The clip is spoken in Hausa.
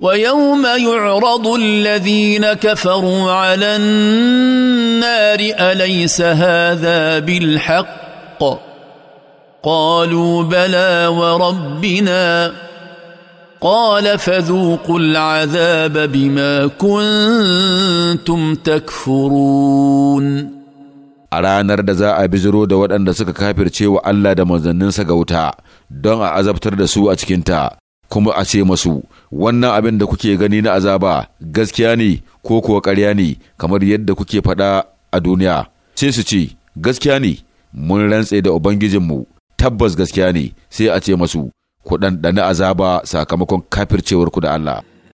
ويوم يعرض الذين كفروا على النار اليس هذا بالحق قالوا بلى وربنا قال فذوقوا العذاب بما كنتم تكفرون a ranar da za a bijiro da waɗanda suka kafirce wa Allah da manzanninsa ga wuta don a azabtar da su a cikinta kuma a ce masu wannan abin da kuke gani na azaba gaskiya ne ko kuwa karya ne kamar yadda kuke faɗa a duniya sai su ce gaskiya ne mun rantse da ubangijinmu tabbas gaskiya ne sai a ce masu ku ɗanɗana azaba sakamakon kafircewarku da Allah.